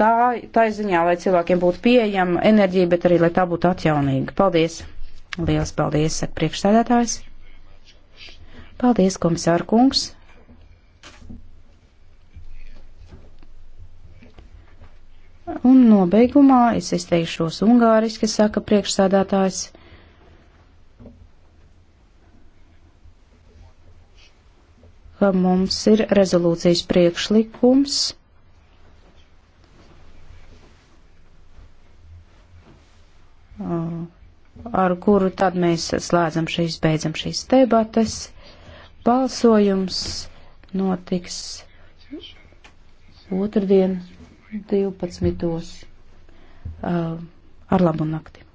tā, tā ziņā, lai cilvēkiem būtu pieejama enerģija, bet arī, lai tā būtu atjaunīga. Paldies! Liels paldies, saka priekšstādātājs. Paldies, komisāra kungs. Un nobeigumā es izteikšos ungāriski, saka priekšstādātājs. ka mums ir rezolūcijas priekšlikums. Uh, ar kuru tad mēs slēdzam šīs, beidzam šīs debates. Balsojums notiks otrdien 12. Uh, ar labu nakti.